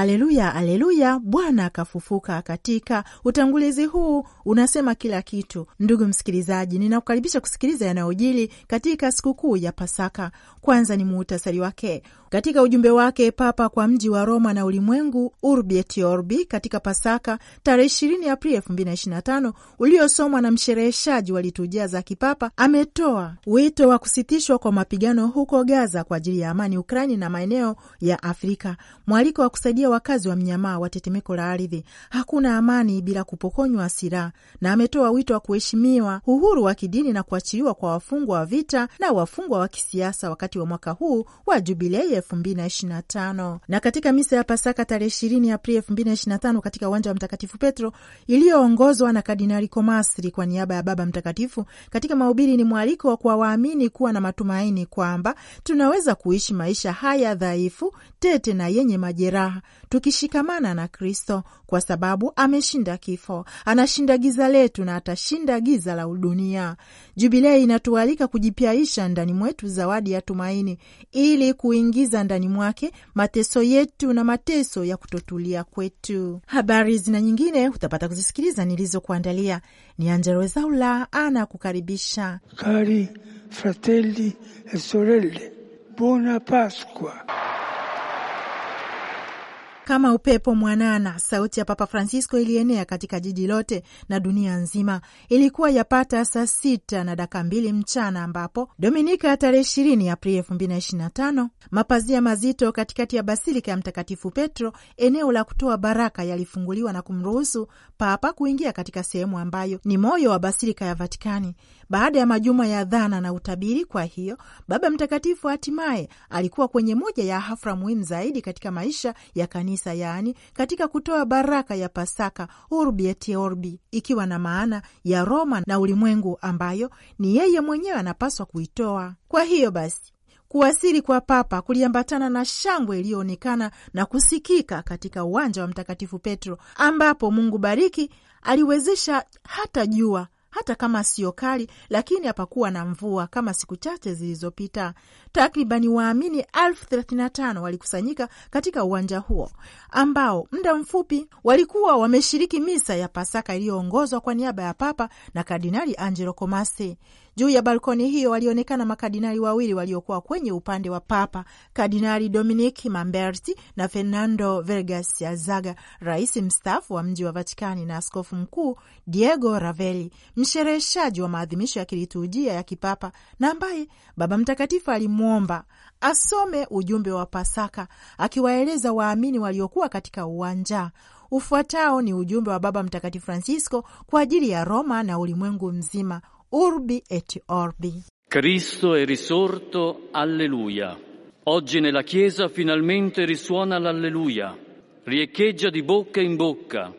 Aleluya, aleluya, Bwana akafufuka. Katika utangulizi huu unasema kila kitu. Ndugu msikilizaji, ninakukaribisha kusikiliza yanayojili katika sikukuu ya Pasaka. Kwanza ni muhutasari wake. Katika ujumbe wake Papa kwa mji wa Roma na ulimwengu, Urbi et Orbi, katika Pasaka tarehe 20 Aprili 2025 uliosomwa na mshereheshaji wa liturujia za kipapa, ametoa wito wa kusitishwa kwa mapigano huko Gaza kwa ajili ya amani Ukraini na maeneo ya Afrika, mwaliko wa kusaidia wakazi wa mnyamaa wa tetemeko la ardhi, hakuna amani bila kupokonywa silaha, na ametoa wito wa kuheshimiwa uhuru wa kidini na kuachiliwa kwa wafungwa wa vita na wafungwa wa kisiasa wakati wa mwaka huu wa jubilei elfu mbili na ishirini na tano. Na katika misa ya Pasaka tarehe ishirini Aprili elfu mbili na ishirini na tano katika uwanja wa Mtakatifu Petro iliyoongozwa na Kardinali Komasri kwa niaba ya Baba Mtakatifu, katika mahubiri ni mwaliko kwa waamini kuwa na matumaini kwamba tunaweza kuishi maisha haya dhaifu tete na yenye majeraha tukishikamana na Kristo, kwa sababu ameshinda kifo, anashinda giza letu na atashinda giza la udunia Jubilei inatualika kujipyaisha ndani mwetu zawadi ya tumaini, ili kuingiza ndani mwake mateso yetu na mateso ya kutotulia kwetu. Habari zina nyingine utapata kuzisikiliza nilizokuandalia. Ni Angella Rwezaula ana kukaribisha. Cari fratelli e sorelle, buona Pasqua. Kama upepo mwanana, sauti ya Papa Francisco ilienea katika jiji lote na dunia nzima. Ilikuwa yapata saa sita na dakika mbili mchana ambapo Dominika ya tarehe ishirini Aprili elfu mbili na ishirini na tano mapazia mazito katikati ya basilika ya Mtakatifu Petro, eneo la kutoa baraka, yalifunguliwa na kumruhusu Papa kuingia katika sehemu ambayo ni moyo wa basilika ya Vatikani. Baada ya majuma ya dhana na utabiri, kwa hiyo Baba Mtakatifu hatimaye alikuwa kwenye moja ya hafla muhimu zaidi katika maisha ya kanisa, yaani katika kutoa baraka ya Pasaka, Urbi et Orbi, ikiwa na maana ya Roma na ulimwengu ambayo ni yeye mwenyewe anapaswa kuitoa. Kwa hiyo basi kuwasili kwa Papa kuliambatana na shangwe iliyoonekana na kusikika katika uwanja wa Mtakatifu Petro, ambapo Mungu bariki aliwezesha hata jua hata kama siyo kali, lakini hapakuwa na mvua kama siku chache zilizopita. Takribani waamini elfu thelathini na tano walikusanyika katika uwanja huo ambao muda mfupi walikuwa wameshiriki misa ya Pasaka iliyoongozwa kwa niaba ya Papa na Kardinali Angelo Komasi. Juu ya balkoni hiyo walionekana makardinali wawili waliokuwa kwenye upande wa Papa, Kardinali Dominic Mamberti na Fernando Vergas Azaga, rais mstaafu wa mji wa Vatikani, na askofu mkuu Diego Raveli, mshereheshaji wa maadhimisho ya kiliturujia ya kipapa na ambaye Baba Mtakatifu alimwomba asome ujumbe wa Pasaka akiwaeleza waamini waliokuwa katika uwanja. Ufuatao ni ujumbe wa Baba Mtakatifu Francisco kwa ajili ya Roma na ulimwengu mzima urbi et orbi. Cristo è risorto, alleluia. Oggi nella Chiesa finalmente risuona l'alleluia, riecheggia di bocca in bocca,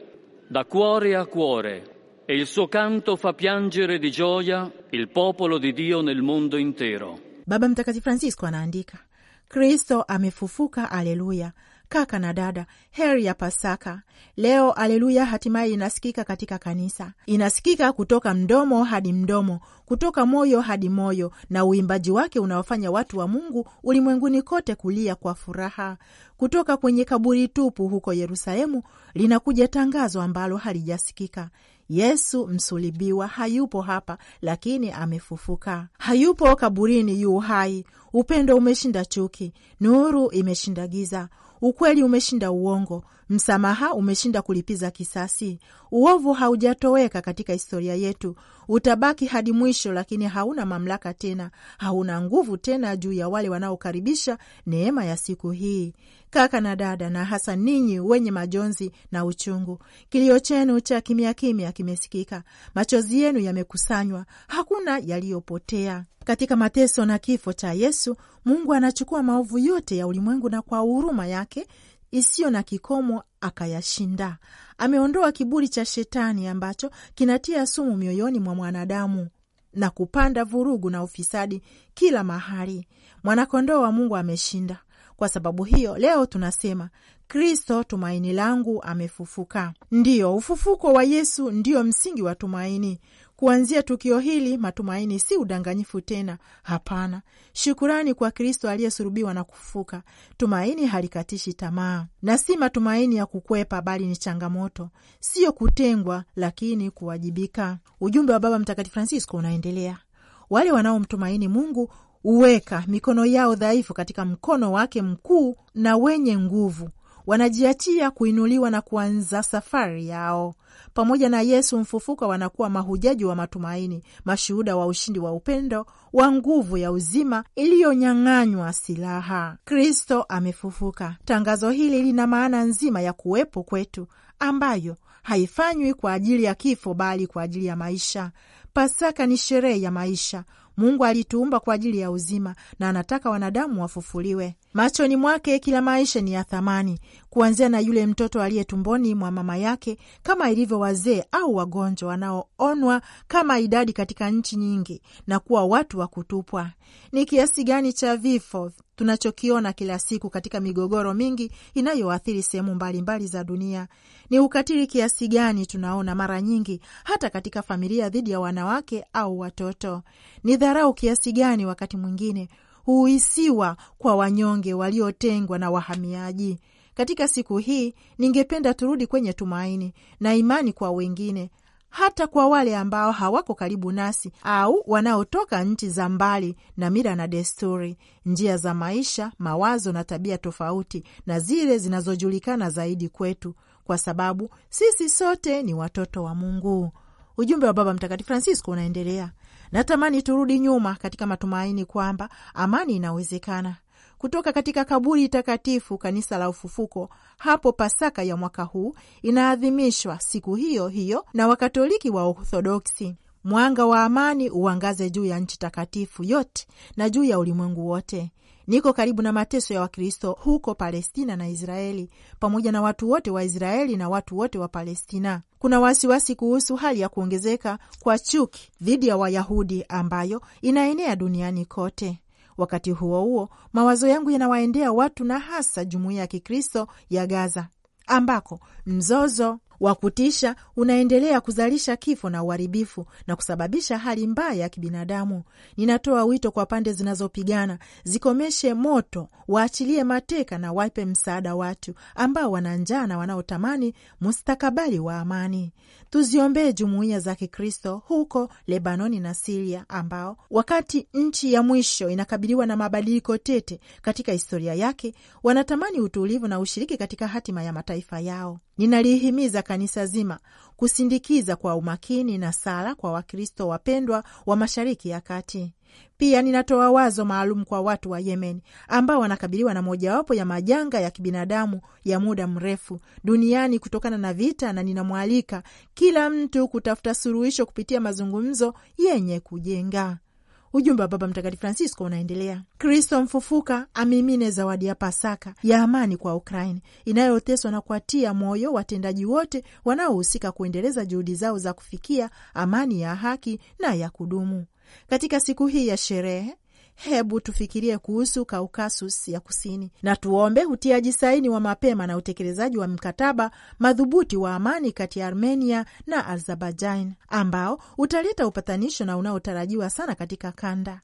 da cuore a cuore, e il suo canto fa piangere di gioia il popolo di Dio nel mondo intero. Baba Mtakatifu Francisco anaandika, Kristo amefufuka, alleluia. kaka na dada, heri ya Pasaka. Leo aleluya hatimaye inasikika katika kanisa, inasikika kutoka mdomo hadi mdomo, kutoka moyo hadi moyo, na uimbaji wake unaofanya watu wa Mungu ulimwenguni kote kulia kwa furaha. Kutoka kwenye kaburi tupu huko Yerusalemu linakuja tangazo ambalo halijasikika: Yesu msulibiwa hayupo hapa, lakini amefufuka. Hayupo kaburini, yu hai. Upendo umeshinda chuki, nuru imeshinda giza. Ukweli umeshinda uongo, Msamaha umeshinda kulipiza kisasi. Uovu haujatoweka katika historia yetu, utabaki hadi mwisho, lakini hauna mamlaka tena, hauna nguvu tena juu ya wale wanaokaribisha neema ya siku hii. Kaka na dada, na hasa ninyi wenye majonzi na uchungu, kilio chenu cha kimya kimya kimesikika, machozi yenu yamekusanywa, hakuna yaliyopotea. Katika mateso na kifo cha Yesu, Mungu anachukua maovu yote ya ulimwengu, na kwa huruma yake isiyo na kikomo akayashinda. Ameondoa kiburi cha shetani ambacho kinatia sumu mioyoni mwa mwanadamu na kupanda vurugu na ufisadi kila mahali. Mwanakondoo wa Mungu ameshinda. Kwa sababu hiyo, leo tunasema Kristo tumaini langu amefufuka. Ndiyo, ufufuko wa Yesu ndiyo msingi wa tumaini. Kuanzia tukio hili, matumaini si udanganyifu tena. Hapana, shukurani kwa Kristo aliyesulubiwa na kufuka Tumaini halikatishi tamaa, na si matumaini ya kukwepa, bali ni changamoto, siyo kutengwa, lakini kuwajibika. Ujumbe wa Baba Mtakatifu Francisco unaendelea, wale wanaomtumaini Mungu huweka mikono yao dhaifu katika mkono wake mkuu na wenye nguvu wanajiachia kuinuliwa na kuanza safari yao pamoja na Yesu mfufuka. Wanakuwa mahujaji wa matumaini, mashuhuda wa ushindi wa upendo, wa nguvu ya uzima iliyonyang'anywa silaha. Kristo amefufuka. Tangazo hili lina maana nzima ya kuwepo kwetu ambayo haifanywi kwa ajili ya kifo, bali kwa ajili ya maisha. Pasaka ni sherehe ya maisha, Mungu alituumba kwa ajili ya uzima na anataka wanadamu wafufuliwe. Machoni mwake kila maisha ni ya thamani, kuanzia na yule mtoto aliye tumboni mwa mama yake, kama ilivyo wazee au wagonjwa wanaoonwa kama idadi katika nchi nyingi na kuwa watu wa kutupwa. Ni kiasi gani cha vifo Tunachokiona kila siku katika migogoro mingi inayoathiri sehemu mbalimbali za dunia ni ukatili kiasi gani tunaona mara nyingi hata katika familia dhidi ya wanawake au watoto. Ni dharau kiasi gani wakati mwingine huhisiwa kwa wanyonge, waliotengwa na wahamiaji. Katika siku hii ningependa turudi kwenye tumaini na imani kwa wengine hata kwa wale ambao hawako karibu nasi au wanaotoka nchi za mbali na mila na desturi, njia za maisha, mawazo na tabia tofauti na zile zinazojulikana zaidi kwetu, kwa sababu sisi sote ni watoto wa Mungu. Ujumbe wa Baba Mtakatifu Francisco unaendelea. Natamani turudi nyuma katika matumaini kwamba amani inawezekana kutoka katika kaburi takatifu. Kanisa la Ufufuko hapo Pasaka ya mwaka huu inaadhimishwa siku hiyo hiyo na Wakatoliki wa Orthodoksi. Mwanga wa amani uangaze juu ya nchi takatifu yote na juu ya ulimwengu wote. Niko karibu na mateso ya Wakristo huko Palestina na Israeli, pamoja na watu wote wa Israeli na watu wote wa Palestina. Kuna wasiwasi kuhusu hali ya kuongezeka kwa chuki dhidi ya Wayahudi ambayo inaenea duniani kote. Wakati huo huo, mawazo yangu yanawaendea watu na hasa jumuiya ya Kikristo ya Gaza ambako mzozo wa kutisha unaendelea kuzalisha kifo na uharibifu na kusababisha hali mbaya ya kibinadamu. Ninatoa wito kwa pande zinazopigana zikomeshe moto, waachilie mateka na wape msaada watu ambao wana njaa na wanaotamani mustakabali wa amani. Tuziombee jumuiya za Kikristo huko Lebanoni na Siria ambao wakati nchi ya mwisho inakabiliwa na mabadiliko tete katika historia yake, wanatamani utulivu na ushiriki katika hatima ya mataifa yao. Ninalihimiza kanisa zima kusindikiza kwa umakini na sala kwa Wakristo wapendwa wa Mashariki ya Kati. Pia ninatoa wazo maalum kwa watu wa Yemen ambao wanakabiliwa na mojawapo ya majanga ya kibinadamu ya muda mrefu duniani kutokana na vita, na ninamwalika kila mtu kutafuta suluhisho kupitia mazungumzo yenye kujenga. Ujumbe wa Baba Mtakatifu Francisco unaendelea: Kristo mfufuka amimine zawadi ya Pasaka ya amani kwa Ukraini inayoteswa na kuatia moyo watendaji wote wanaohusika kuendeleza juhudi zao za kufikia amani ya haki na ya kudumu. Katika siku hii ya sherehe Hebu tufikirie kuhusu Kaukasus ya Kusini na tuombe utiaji saini wa mapema na utekelezaji wa mkataba madhubuti wa amani kati ya Armenia na Azerbaijan ambao utaleta upatanisho na unaotarajiwa sana katika kanda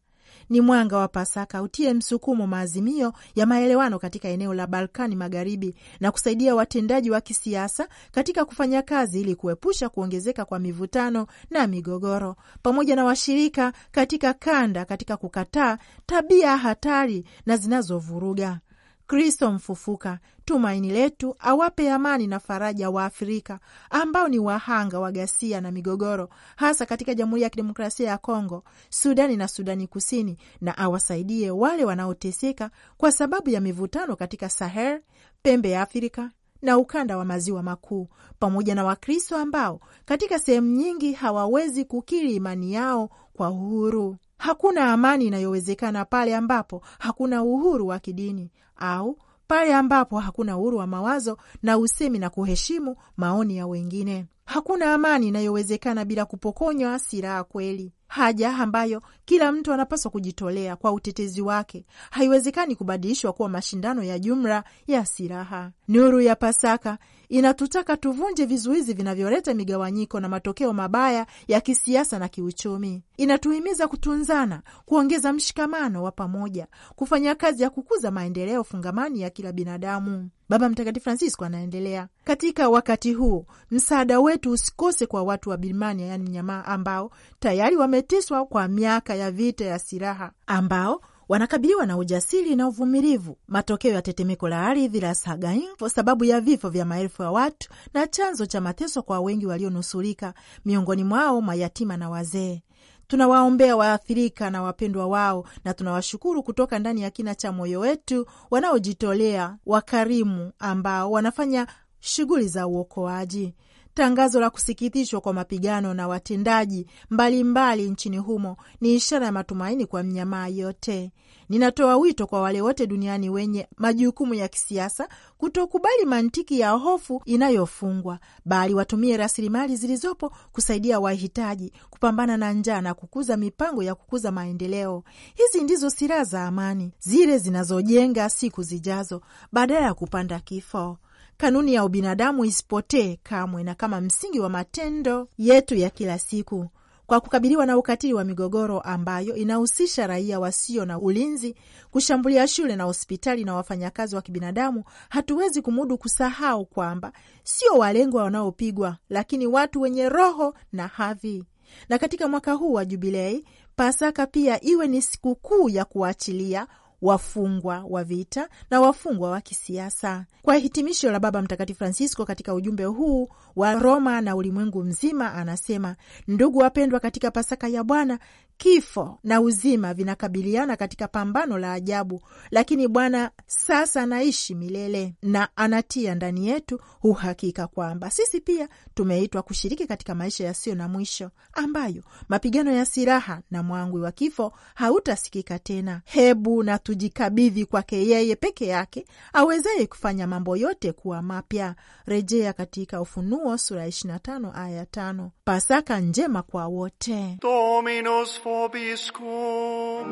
ni mwanga wa Pasaka utie msukumo maazimio ya maelewano katika eneo la Balkani Magharibi na kusaidia watendaji wa kisiasa katika kufanya kazi ili kuepusha kuongezeka kwa mivutano na migogoro, pamoja na washirika katika kanda katika kukataa tabia hatari na zinazovuruga Kristo mfufuka, tumaini letu, awape amani na faraja wa afrika ambao ni wahanga wa ghasia na migogoro, hasa katika Jamhuri ya Kidemokrasia ya Kongo, Sudani na Sudani Kusini, na awasaidie wale wanaoteseka kwa sababu ya mivutano katika Sahel, pembe ya Afrika na ukanda wa maziwa makuu, pamoja na Wakristo ambao katika sehemu nyingi hawawezi kukiri imani yao kwa uhuru. Hakuna amani inayowezekana pale ambapo hakuna uhuru wa kidini au pale ambapo hakuna uhuru wa mawazo na usemi na kuheshimu maoni ya wengine. Hakuna amani inayowezekana bila kupokonywa silaha kweli haja ambayo kila mtu anapaswa kujitolea kwa utetezi wake, haiwezekani kubadilishwa kuwa mashindano ya jumla ya silaha. Nuru ya Pasaka inatutaka tuvunje vizuizi vinavyoleta migawanyiko na matokeo mabaya ya kisiasa na kiuchumi. Inatuhimiza kutunzana, kuongeza mshikamano wa pamoja, kufanya kazi ya kukuza maendeleo fungamani ya kila binadamu. Baba Mtakatifu Francisco anaendelea, katika wakati huu msaada wetu usikose kwa watu wa Birmania, yaani mnyamaa, ambao tayari wameteswa kwa miaka ya vita ya silaha, ambao wanakabiliwa na ujasiri na uvumilivu, matokeo ya tetemeko la ardhi la Sagaing, sababu ya vifo vya maelfu ya watu na chanzo cha mateso kwa wengi walionusurika, miongoni mwao mayatima na wazee. Tunawaombea waathirika na wapendwa wao, na tunawashukuru kutoka ndani ya kina cha moyo wetu wanaojitolea, wakarimu ambao wanafanya shughuli za uokoaji. Tangazo la kusikitishwa kwa mapigano na watendaji mbalimbali mbali nchini humo ni ishara ya matumaini kwa mnyamaa yote. Ninatoa wito kwa wale wote duniani wenye majukumu ya kisiasa kutokubali mantiki ya hofu inayofungwa, bali watumie rasilimali zilizopo kusaidia wahitaji, kupambana na njaa na kukuza mipango ya kukuza maendeleo. Hizi ndizo silaha za amani, zile zinazojenga siku zijazo badala ya kupanda kifo kanuni ya ubinadamu isipotee kamwe na kama msingi wa matendo yetu ya kila siku. Kwa kukabiliwa na ukatili wa migogoro ambayo inahusisha raia wasio na ulinzi, kushambulia shule na hospitali na wafanyakazi wa kibinadamu, hatuwezi kumudu kusahau kwamba sio walengwa wanaopigwa, lakini watu wenye roho na hadhi. Na katika mwaka huu wa Jubilei, Pasaka pia iwe ni sikukuu ya kuachilia wafungwa wa vita na wafungwa wa kisiasa. Kwa hitimisho la Baba Mtakatifu Francisco katika ujumbe huu wa Roma na ulimwengu mzima, anasema: ndugu wapendwa, katika Pasaka ya Bwana kifo na uzima vinakabiliana katika pambano la ajabu, lakini Bwana sasa anaishi milele na anatia ndani yetu uhakika kwamba sisi pia tumeitwa kushiriki katika maisha yasiyo na mwisho, ambayo mapigano ya silaha na mwangwi wa kifo hautasikika tena. Hebu na tujikabidhi kwake yeye peke yake awezaye kufanya mambo yote kuwa mapya. Rejea katika Ufunuo sura 25 aya 5. Pasaka njema kwa wote. Dominus vobiscum.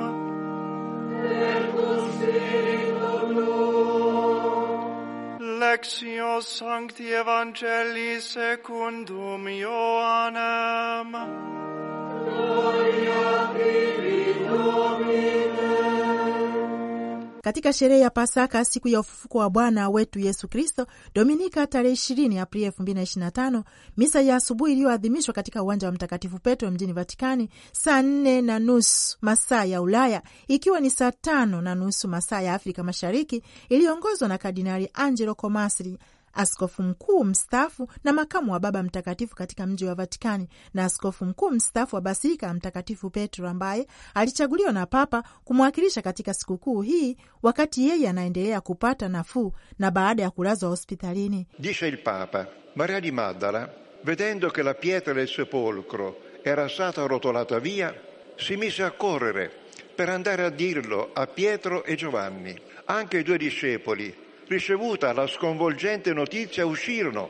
Lectio Sancti Evangelii secundum Ioannem. Gloria tibi Domine katika sherehe ya Pasaka, siku ya ufufuko wa Bwana wetu Yesu Kristo, Dominika tarehe ishirini Aprili elfu mbili na ishirini na tano, misa ya asubuhi iliyoadhimishwa katika uwanja wa Mtakatifu Petro mjini Vatikani saa nne na nusu masaa ya Ulaya, ikiwa ni saa tano na nusu masaa ya Afrika Mashariki, iliyoongozwa na Kardinali Angelo Komasri askofu mkuu mstaafu na makamu wa Baba Mtakatifu katika mji wa Vatikani na askofu mkuu mstaafu wa basilika ya Mtakatifu Petro ambaye alichaguliwa na Papa kumwakilisha katika sikukuu hii wakati yeye anaendelea kupata nafuu na baada ya kulazwa hospitalini. Dice il Papa, Maria di Maddala vedendo che la pietra del sepolcro era stata rotolata via si mise a correre per andare a dirlo a Pietro e Giovanni. Anche i due discepoli ricevuta la sconvolgente notizia uscirono,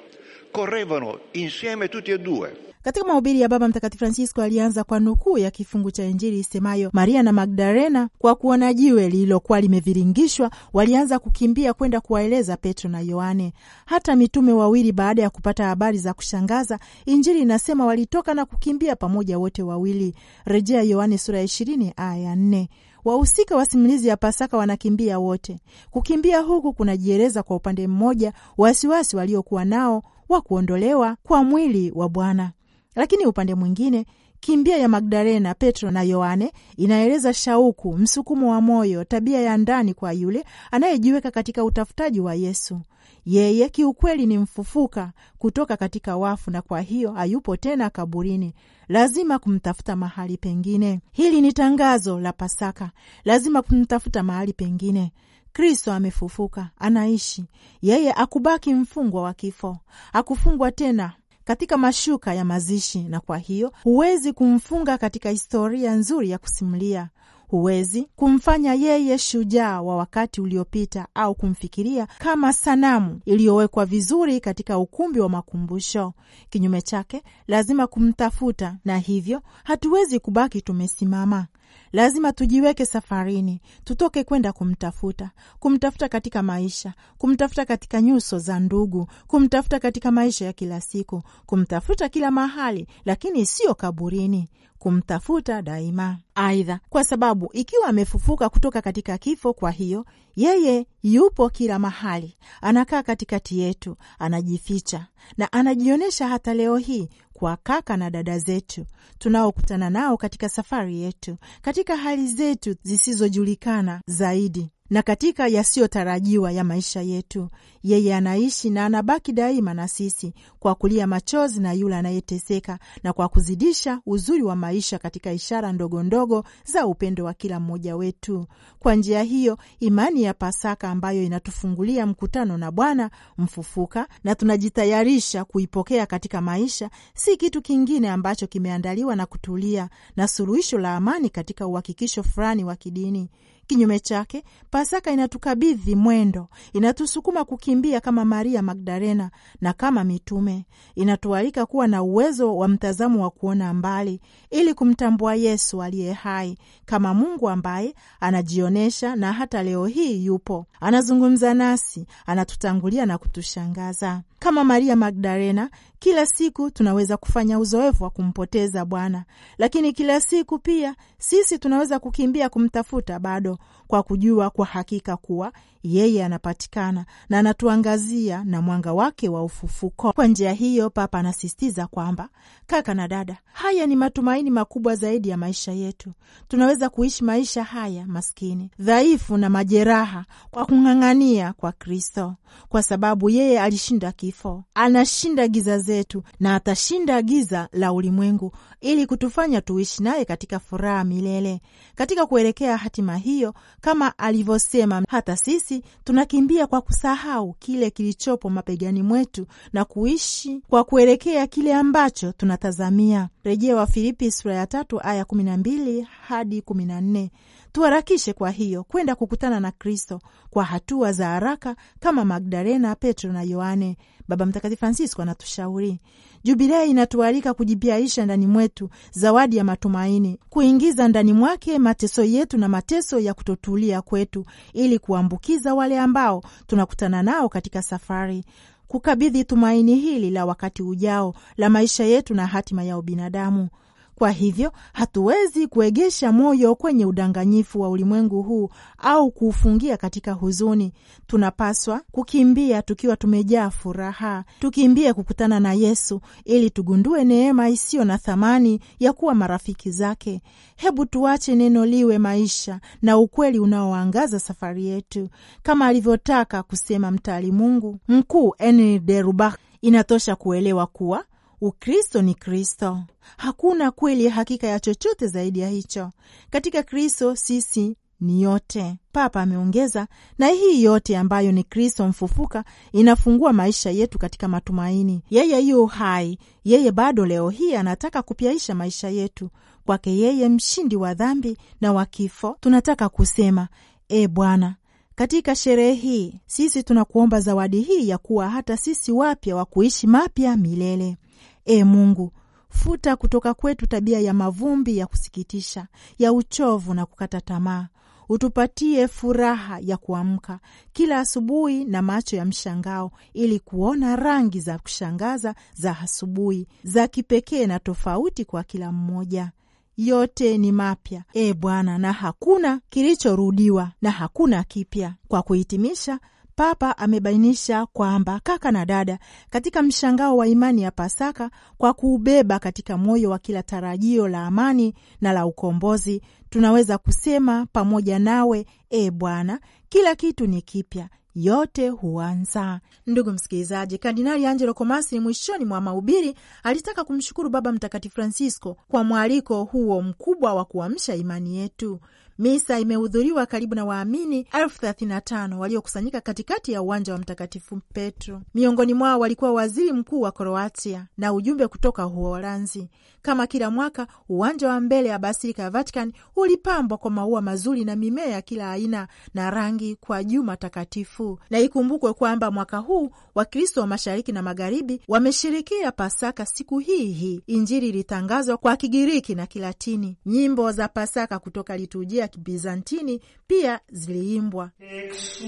correvano insieme tutti e due. Katika mahubiri ya Baba Mtakatifu Francisco alianza kwa nukuu ya kifungu cha Injili isemayo Maria na Magdalena, kwa kuona jiwe lililokuwa limeviringishwa, walianza kukimbia kwenda kuwaeleza Petro na Yohane. Hata mitume wawili baada ya kupata habari za kushangaza, Injili inasema walitoka na kukimbia pamoja wote wawili, rejea Yohane sura ya 20 aya 4. Wahusika wa simulizi ya Pasaka wanakimbia wote. Kukimbia huku kunajieleza kwa upande mmoja wasiwasi waliokuwa nao wa kuondolewa kwa mwili wa Bwana, lakini upande mwingine Kimbia ya Magdalena, Petro na Yohane inaeleza shauku, msukumo wa moyo, tabia ya ndani kwa yule anayejiweka katika utafutaji wa Yesu. Yeye kiukweli ni mfufuka kutoka katika wafu, na kwa hiyo hayupo tena kaburini. Lazima kumtafuta mahali pengine. Hili ni tangazo la Pasaka, lazima kumtafuta mahali pengine. Kristo amefufuka, anaishi. Yeye akubaki mfungwa wa kifo, akufungwa tena katika mashuka ya mazishi, na kwa hiyo huwezi kumfunga katika historia nzuri ya kusimulia huwezi kumfanya yeye shujaa wa wakati uliopita au kumfikiria kama sanamu iliyowekwa vizuri katika ukumbi wa makumbusho. Kinyume chake, lazima kumtafuta, na hivyo hatuwezi kubaki tumesimama. Lazima tujiweke safarini, tutoke kwenda kumtafuta, kumtafuta katika maisha, kumtafuta katika nyuso za ndugu, kumtafuta katika maisha ya kila siku, kumtafuta kila mahali, lakini siyo kaburini kumtafuta daima. Aidha, kwa sababu ikiwa amefufuka kutoka katika kifo, kwa hiyo yeye yupo kila mahali, anakaa katikati yetu, anajificha na anajionyesha hata leo hii kwa kaka na dada zetu tunaokutana nao katika safari yetu, katika hali zetu zisizojulikana zaidi na katika yasiyotarajiwa ya maisha yetu. Yeye anaishi na anabaki daima na sisi kwa kulia machozi na yule anayeteseka, na kwa kuzidisha uzuri wa maisha katika ishara ndogo ndogo za upendo wa kila mmoja wetu. Kwa njia hiyo, imani ya Pasaka ambayo inatufungulia mkutano na Bwana mfufuka na tunajitayarisha kuipokea katika maisha, si kitu kingine ambacho kimeandaliwa na kutulia na suluhisho la amani katika uhakikisho fulani wa kidini. Kinyume chake, Pasaka inatukabidhi mwendo, inatusukuma kukimbia kama Maria Magdalena na kama mitume, inatualika kuwa na uwezo wa mtazamo wa kuona mbali ili kumtambua Yesu aliye hai kama Mungu ambaye anajionyesha na hata leo hii yupo, anazungumza nasi, anatutangulia na kutushangaza. Kama Maria Magdalena, kila siku tunaweza kufanya uzoefu wa kumpoteza Bwana, lakini kila siku pia sisi tunaweza kukimbia kumtafuta bado, kwa kujua kwa hakika kuwa yeye anapatikana na anatuangazia na mwanga wake wa ufufuko. Kwa njia hiyo, Papa anasisitiza kwamba, kaka na dada, haya ni matumaini makubwa zaidi ya maisha yetu. Tunaweza kuishi maisha haya maskini, dhaifu na majeraha kwa kung'ang'ania kwa Kristo, kwa sababu yeye alishinda kifo, anashinda giza zetu zetu na atashinda giza la ulimwengu ili kutufanya tuishi naye katika furaha milele. Katika kuelekea hatima hiyo, kama alivyosema, hata sisi tunakimbia kwa kusahau kile kilichopo mapegani mwetu na kuishi kwa kuelekea kile ambacho tunatazamia. Rejea wa Filipi sura ya tatu aya kumi na mbili hadi kumi na nne. Tuharakishe kwa hiyo kwenda kukutana na Kristo kwa hatua za haraka kama Magdalena, Petro na Yohane. Baba Mtakatifu Francisco anatushauri Jubilei inatualika kujipiaisha ndani mwetu zawadi ya matumaini, kuingiza ndani mwake mateso yetu na mateso ya kutotulia kwetu, ili kuambukiza wale ambao tunakutana nao katika safari kukabidhi tumaini hili la wakati ujao la maisha yetu na hatima ya ubinadamu. Kwa hivyo hatuwezi kuegesha moyo kwenye udanganyifu wa ulimwengu huu au kuufungia katika huzuni. Tunapaswa kukimbia tukiwa tumejaa furaha, tukimbie kukutana na Yesu ili tugundue neema isiyo na thamani ya kuwa marafiki zake. Hebu tuache neno liwe maisha na ukweli unaoangaza safari yetu, kama alivyotaka kusema mungu mkuu Henri de Lubac. Inatosha kuelewa kuwa Ukristo ni Kristo, hakuna kweli ya hakika ya chochote zaidi ya hicho. Katika Kristo sisi ni yote, Papa ameongeza. Na hii yote ambayo ni Kristo mfufuka inafungua maisha yetu katika matumaini. Yeye yu hai, yeye bado leo hii anataka kupyaisha maisha yetu kwake, yeye mshindi wa dhambi na wa kifo. Tunataka kusema e Bwana, katika sherehe hii sisi tunakuomba zawadi hii ya kuwa hata sisi wapya wa kuishi mapya milele. E Mungu, futa kutoka kwetu tabia ya mavumbi ya kusikitisha, ya uchovu na kukata tamaa. Utupatie furaha ya kuamka kila asubuhi na macho ya mshangao, ili kuona rangi za kushangaza za asubuhi za kipekee na tofauti kwa kila mmoja. Yote ni mapya, e Bwana, na hakuna kilichorudiwa na hakuna kipya. Kwa kuhitimisha, Papa amebainisha kwamba kaka na dada, katika mshangao wa imani ya Pasaka, kwa kuubeba katika moyo wa kila tarajio la amani na la ukombozi, tunaweza kusema pamoja nawe, e Bwana, kila kitu ni kipya, yote huanza. Ndugu msikilizaji, Kardinali Angelo Komasi mwishoni mwa mahubiri alitaka kumshukuru Baba Mtakatifu Francisco kwa mwaliko huo mkubwa wa kuamsha imani yetu. Misa imehudhuriwa karibu na waamini elfu thelathini na tano waliokusanyika katikati ya uwanja wa Mtakatifu Petro. Miongoni mwao walikuwa waziri mkuu wa Kroatia na ujumbe kutoka Uholanzi. Kama kila mwaka, uwanja wa mbele ya basilika ya Vatikani ulipambwa kwa maua mazuri na mimea ya kila aina na rangi kwa Juma Takatifu. Na ikumbukwe kwamba mwaka huu Wakristo wa mashariki na magharibi wameshirikia Pasaka siku hii hii. Injili ilitangazwa kwa Kigiriki na Kilatini. Nyimbo za Pasaka kutoka liturujia ya Kibizantini pia ziliimbwa. Exulte,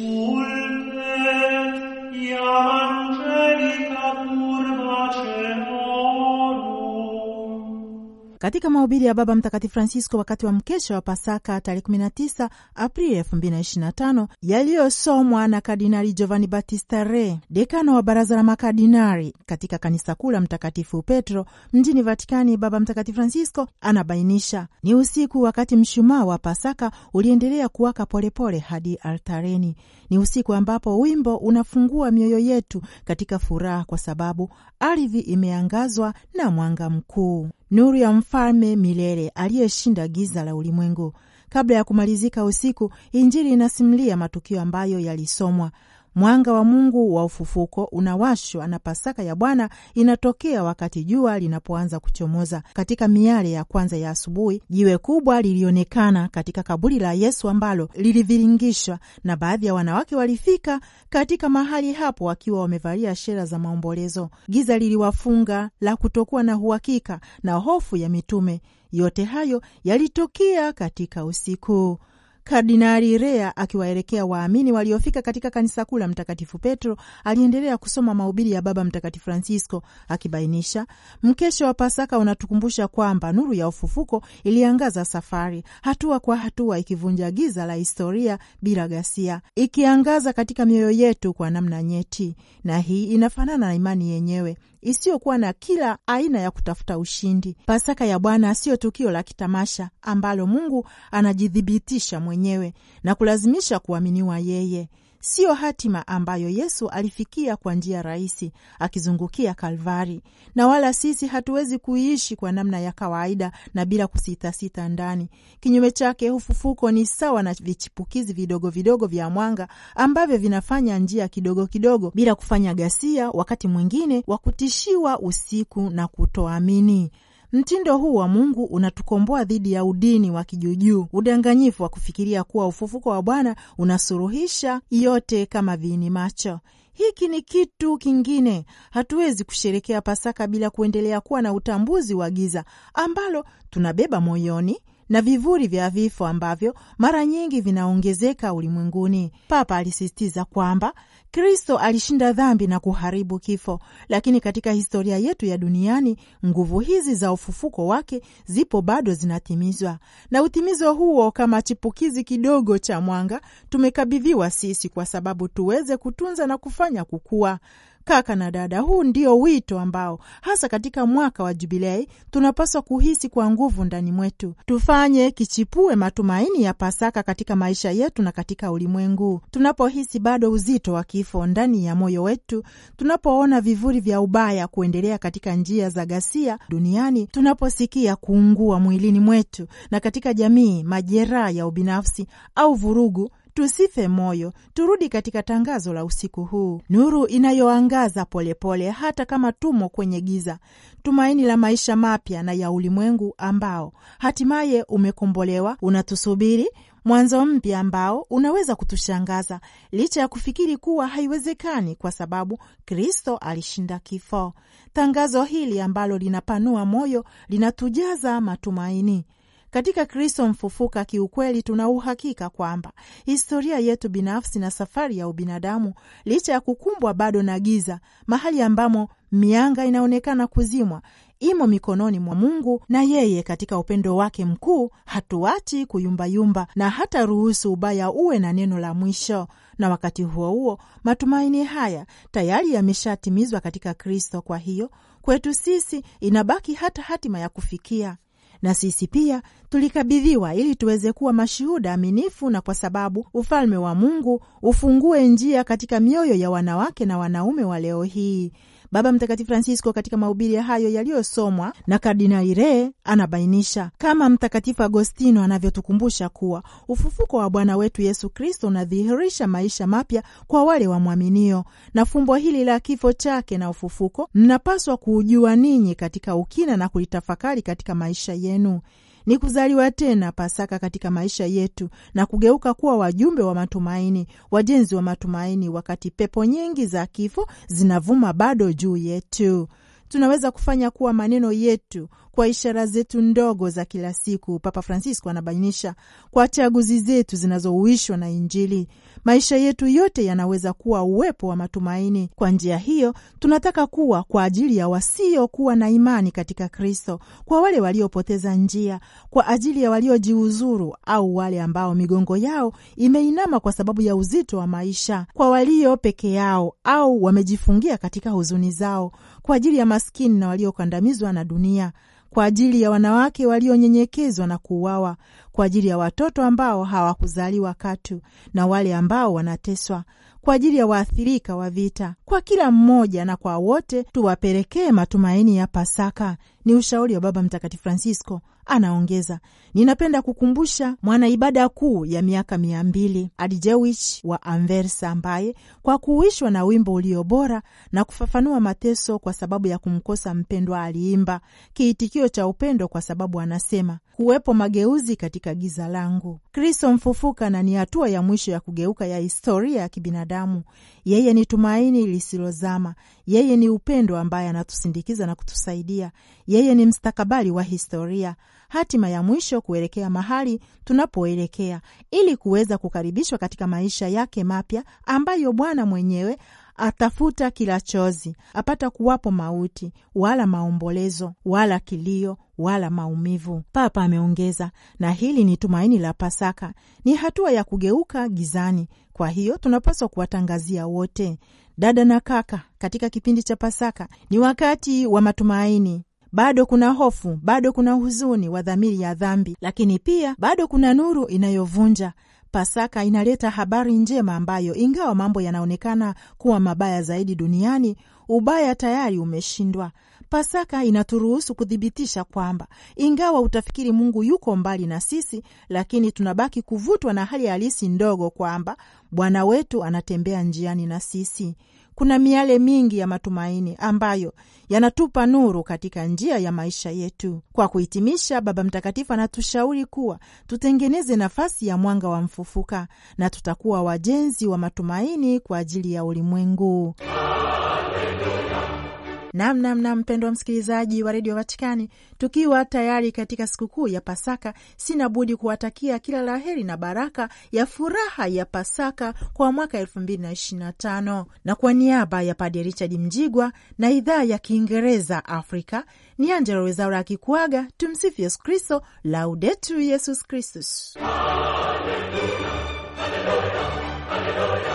katika mahubiri ya Baba Mtakatifu Francisco wakati wa mkesha wa Pasaka tarehe 19 Aprili 2025 yaliyosomwa na Kardinali Giovanni Battista Re, dekano wa Baraza la Makardinali, katika kanisa kuu la Mtakatifu Petro mjini Vatikani, Baba Mtakatifu Francisco anabainisha ni usiku, wakati mshumaa wa Pasaka uliendelea kuwaka polepole hadi altareni. Ni usiku ambapo wimbo unafungua mioyo yetu katika furaha, kwa sababu ardhi imeangazwa na mwanga mkuu nuru ya mfalme milele aliyeshinda giza la ulimwengu. Kabla ya kumalizika usiku, Injili inasimulia matukio ambayo yalisomwa Mwanga wa Mungu wa ufufuko unawashwa na Pasaka ya Bwana inatokea wakati jua linapoanza kuchomoza. Katika miale ya kwanza ya asubuhi, jiwe kubwa lilionekana katika kaburi la Yesu ambalo liliviringishwa, na baadhi ya wanawake walifika katika mahali hapo wakiwa wamevalia shera za maombolezo. Giza liliwafunga la kutokuwa na uhakika na hofu ya mitume. Yote hayo yalitokea katika usiku. Kardinali Rea akiwaelekea waamini waliofika katika kanisa kuu la Mtakatifu Petro aliendelea kusoma mahubiri ya Baba Mtakatifu Francisco akibainisha, mkesha wa Pasaka unatukumbusha kwamba nuru ya ufufuko iliangaza safari, hatua kwa hatua, ikivunja giza la historia bila ghasia, ikiangaza katika mioyo yetu kwa namna nyeti, na hii inafanana na imani yenyewe isiyokuwa na kila aina ya kutafuta ushindi. Pasaka ya Bwana siyo tukio la kitamasha ambalo Mungu anajidhibitisha mwenyewe na kulazimisha kuaminiwa yeye siyo hatima ambayo Yesu alifikia kwa njia rahisi akizungukia Kalvari, na wala sisi hatuwezi kuiishi kwa namna ya kawaida na bila kusitasita ndani. Kinyume chake, ufufuko ni sawa na vichipukizi vidogo vidogo vya mwanga ambavyo vinafanya njia kidogo kidogo, bila kufanya ghasia, wakati mwingine wa kutishiwa usiku na kutoamini. Mtindo huu wa Mungu unatukomboa dhidi ya udini wa kijuujuu, udanganyifu wa kufikiria kuwa ufufuko wa Bwana unasuruhisha yote kama viini macho. Hiki ni kitu kingine. Hatuwezi kusherekea Pasaka bila kuendelea kuwa na utambuzi wa giza ambalo tunabeba moyoni na vivuli vya vifo ambavyo mara nyingi vinaongezeka ulimwenguni. Papa alisisitiza kwamba Kristo alishinda dhambi na kuharibu kifo, lakini katika historia yetu ya duniani nguvu hizi za ufufuko wake zipo bado zinatimizwa, na utimizo huo kama chipukizi kidogo cha mwanga tumekabidhiwa sisi, kwa sababu tuweze kutunza na kufanya kukua Kaka na dada, huu ndio wito ambao hasa katika mwaka wa Jubilei tunapaswa kuhisi kwa nguvu ndani mwetu. Tufanye kichipue matumaini ya Pasaka katika maisha yetu na katika ulimwengu. Tunapohisi bado uzito wa kifo ndani ya moyo wetu, tunapoona vivuli vya ubaya kuendelea katika njia za ghasia duniani, tunaposikia kuungua mwilini mwetu na katika jamii majeraha ya ubinafsi au vurugu Tusife moyo, turudi katika tangazo la usiku huu, nuru inayoangaza polepole pole, hata kama tumo kwenye giza, tumaini la maisha mapya na ya ulimwengu ambao hatimaye umekombolewa unatusubiri mwanzo mpya ambao unaweza kutushangaza licha ya kufikiri kuwa haiwezekani, kwa sababu Kristo alishinda kifo. Tangazo hili ambalo linapanua moyo linatujaza matumaini. Katika Kristo mfufuka, kiukweli tuna uhakika kwamba historia yetu binafsi na safari ya ubinadamu, licha ya kukumbwa bado na giza, mahali ambamo mianga inaonekana kuzimwa, imo mikononi mwa Mungu, na yeye katika upendo wake mkuu hatuachi kuyumbayumba na hata ruhusu ubaya uwe na neno la mwisho. Na wakati huo huo matumaini haya tayari yameshatimizwa katika Kristo. Kwa hiyo kwetu sisi inabaki hata hatima ya kufikia na sisi pia tulikabidhiwa ili tuweze kuwa mashuhuda aminifu, na kwa sababu ufalme wa Mungu ufungue njia katika mioyo ya wanawake na wanaume wa leo hii. Baba Mtakatifu Francisco katika mahubiri hayo yaliyosomwa na Kardinali re anabainisha kama Mtakatifu Agostino anavyotukumbusha kuwa ufufuko wa Bwana wetu Yesu Kristo unadhihirisha maisha mapya kwa wale wamwaminio, na fumbo hili la kifo chake na ufufuko mnapaswa kuujua ninyi katika ukina na kulitafakari katika maisha yenu ni kuzaliwa tena Pasaka katika maisha yetu na kugeuka kuwa wajumbe wa matumaini, wajenzi wa matumaini, wakati pepo nyingi za kifo zinavuma bado juu yetu. Tunaweza kufanya kuwa maneno yetu kwa ishara zetu ndogo za kila siku, Papa Francisco anabainisha, kwa chaguzi zetu zinazouishwa na Injili. Maisha yetu yote yanaweza kuwa uwepo wa matumaini. Kwa njia hiyo, tunataka kuwa kwa ajili ya wasiokuwa na imani katika Kristo, kwa wale waliopoteza njia, kwa ajili ya waliojiuzuru au wale ambao migongo yao imeinama kwa sababu ya uzito wa maisha, kwa walio peke yao au wamejifungia katika huzuni zao, kwa ajili ya maskini na waliokandamizwa na dunia kwa ajili ya wanawake walionyenyekezwa na kuuawa, kwa ajili ya watoto ambao hawakuzaliwa katu na wale ambao wanateswa, kwa ajili ya waathirika wa vita, kwa kila mmoja na kwa wote tuwapelekee matumaini ya Pasaka, ni ushauri wa Baba Mtakatifu Francisco Anaongeza, ninapenda kukumbusha mwanaibada kuu ya miaka mia mbili Adjewich wa Anversa, ambaye kwa kuuishwa na wimbo ulio bora na kufafanua mateso kwa sababu ya kumkosa mpendwa, aliimba kiitikio cha upendo, kwa sababu anasema kuwepo mageuzi katika giza langu. Kristo mfufuka na ni hatua ya mwisho ya kugeuka ya historia ya kibinadamu. Yeye ni tumaini lisilozama, yeye ni upendo ambaye anatusindikiza na kutusaidia, yeye ni mstakabali wa historia hatima ya mwisho kuelekea mahali tunapoelekea ili kuweza kukaribishwa katika maisha yake mapya ambayo Bwana mwenyewe atafuta kila chozi, apata kuwapo mauti wala maombolezo wala kilio wala maumivu. Papa ameongeza, na hili ni tumaini la Pasaka, ni hatua ya kugeuka gizani. Kwa hiyo tunapaswa kuwatangazia wote, dada na kaka, katika kipindi cha Pasaka ni wakati wa matumaini, bado kuna hofu, bado kuna huzuni wa dhamiri ya dhambi, lakini pia bado kuna nuru inayovunja. Pasaka inaleta habari njema ambayo ingawa mambo yanaonekana kuwa mabaya zaidi duniani, ubaya tayari umeshindwa. Pasaka inaturuhusu kuthibitisha kwamba ingawa utafikiri Mungu yuko mbali na sisi, lakini tunabaki kuvutwa na hali halisi ndogo kwamba Bwana wetu anatembea njiani na sisi. Kuna miale mingi ya matumaini ambayo yanatupa nuru katika njia ya maisha yetu. Kwa kuhitimisha, Baba Mtakatifu anatushauri kuwa tutengeneze nafasi ya mwanga wa mfufuka na tutakuwa wajenzi wa matumaini kwa ajili ya ulimwengu. Haleluya. Namnamna mpendwa msikilizaji wa redio Vatikani, tukiwa tayari katika sikukuu ya Pasaka, sina budi kuwatakia kila laheri na baraka ya furaha ya Pasaka kwa mwaka elfu mbili na ishirini na tano na kwa niaba ya Padre Richard Mjigwa na idhaa ya Kiingereza Afrika ni Angela Rwezaura akikuaga. Tumsifu Yesu Kristo, laudetu Yesus Kristus. Haleluya, haleluya, haleluya.